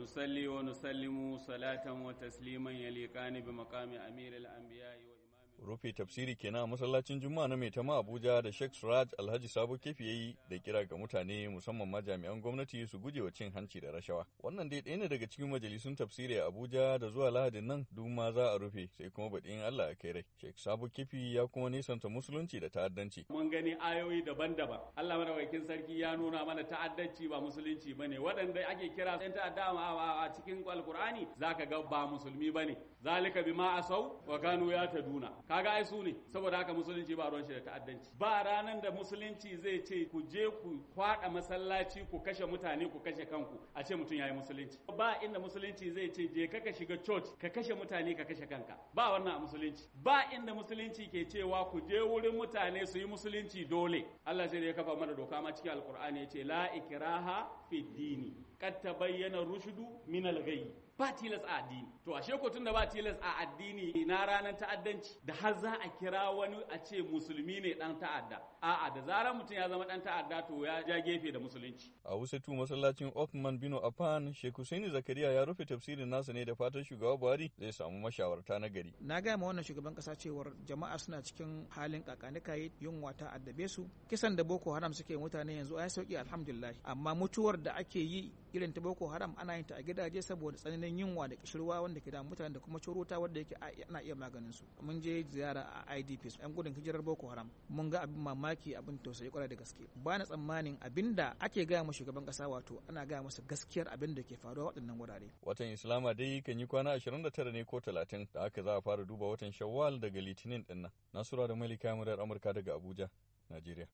ونصلي ونسلم صلاة وتسليما يليقان بمقام أمير الأنبياء وإمام rufe tafsiri kenan a masallacin juma'a na mai tama abuja da sheikh suraj alhaji sabo kefi yi da kira ga mutane musamman ma jami'an gwamnati su guje wa cin hanci da rashawa wannan dai ɗaya ne daga cikin majalisun tafsiri a abuja da zuwa lahadin nan duk ma za a rufe sai kuma baɗi allah ya kai rai sheikh sabo kefi ya kuma nisanta musulunci da ta'addanci. mun gani ayoyi daban-daban allah madaukakin sarki ya nuna mana ta'addanci ba musulunci ba ne waɗanda ake kira yan ta'adda a cikin alkur'ani zaka ga ba musulmi ba bane zalika ma asau wa kanu ya duna kaga ai su ne saboda haka musulunci ba ruwan shi da ta'addanci ba ranan da musulunci zai ce ku je ku kwada masallaci ku kashe mutane ku kashe kanku a ce mutum yayi musulunci ba inda musulunci zai ce je ka ka shiga church ka kashe mutane ka kashe kanka ba wannan a musulunci ba inda musulunci ke cewa ku je wurin mutane su yi musulunci dole Allah sai da ya kafa mana doka ma cikin alkur'ani ya ce la ikraha fi dini qad tabayyana rushdu min al ba tilas a addini to ashe ko tunda ba tilas a addini na ranar ta'addanci da har za a kira wani a ce musulmi ne dan ta'adda a'a da zarar mutum ya zama dan ta'adda to ya ja gefe da musulunci a tu masallacin Othman bin Affan Sheikh Husaini Zakariya ya rufe tafsirin nasa ne da fatan shugaba Buhari zai samu mashawarta na gari na ga ma wannan shugaban kasa cewar jama'a suna cikin halin kakanikaye yunwa ta addabe su kisan da Boko Haram suke mutane yanzu ai sauki alhamdulillah amma mutuwar da ake yi irin ta Boko Haram ana yin ta a gidaje saboda tsananin yanayin yunwa da kishirwa wanda ke da mutane da kuma corota wanda yake ana iya maganin su mun je ziyara a IDPs yan gudun hijirar Boko Haram mun ga abin mamaki abin tausayi kwarai da gaske ba na tsammanin da ake gaya mu shugaban kasa wato ana gaya masa gaskiyar abin da ke faruwa waɗannan wurare watan Islama dai kan yi kwana 29 ne ko 30 da aka za a fara duba watan Shawwal daga Litinin dinnan Nasura da Malika Murar Amurka daga Abuja Najeriya